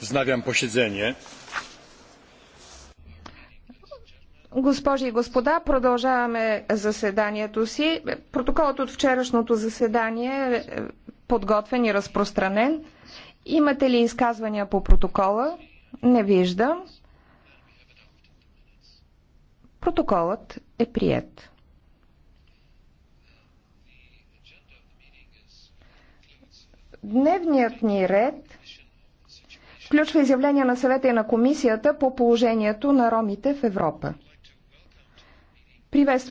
Wznawiam е, posiedzenie. Госпожи и господа, продължаваме заседанието си. Протоколът от вчерашното заседание е подготвен и разпространен. Имате ли изказвания по протокола? Не виждам. Протоколът е прият. Дневният ни ред включва изявления на съвета и на комисията по положението на ромите в Европа. Приветствам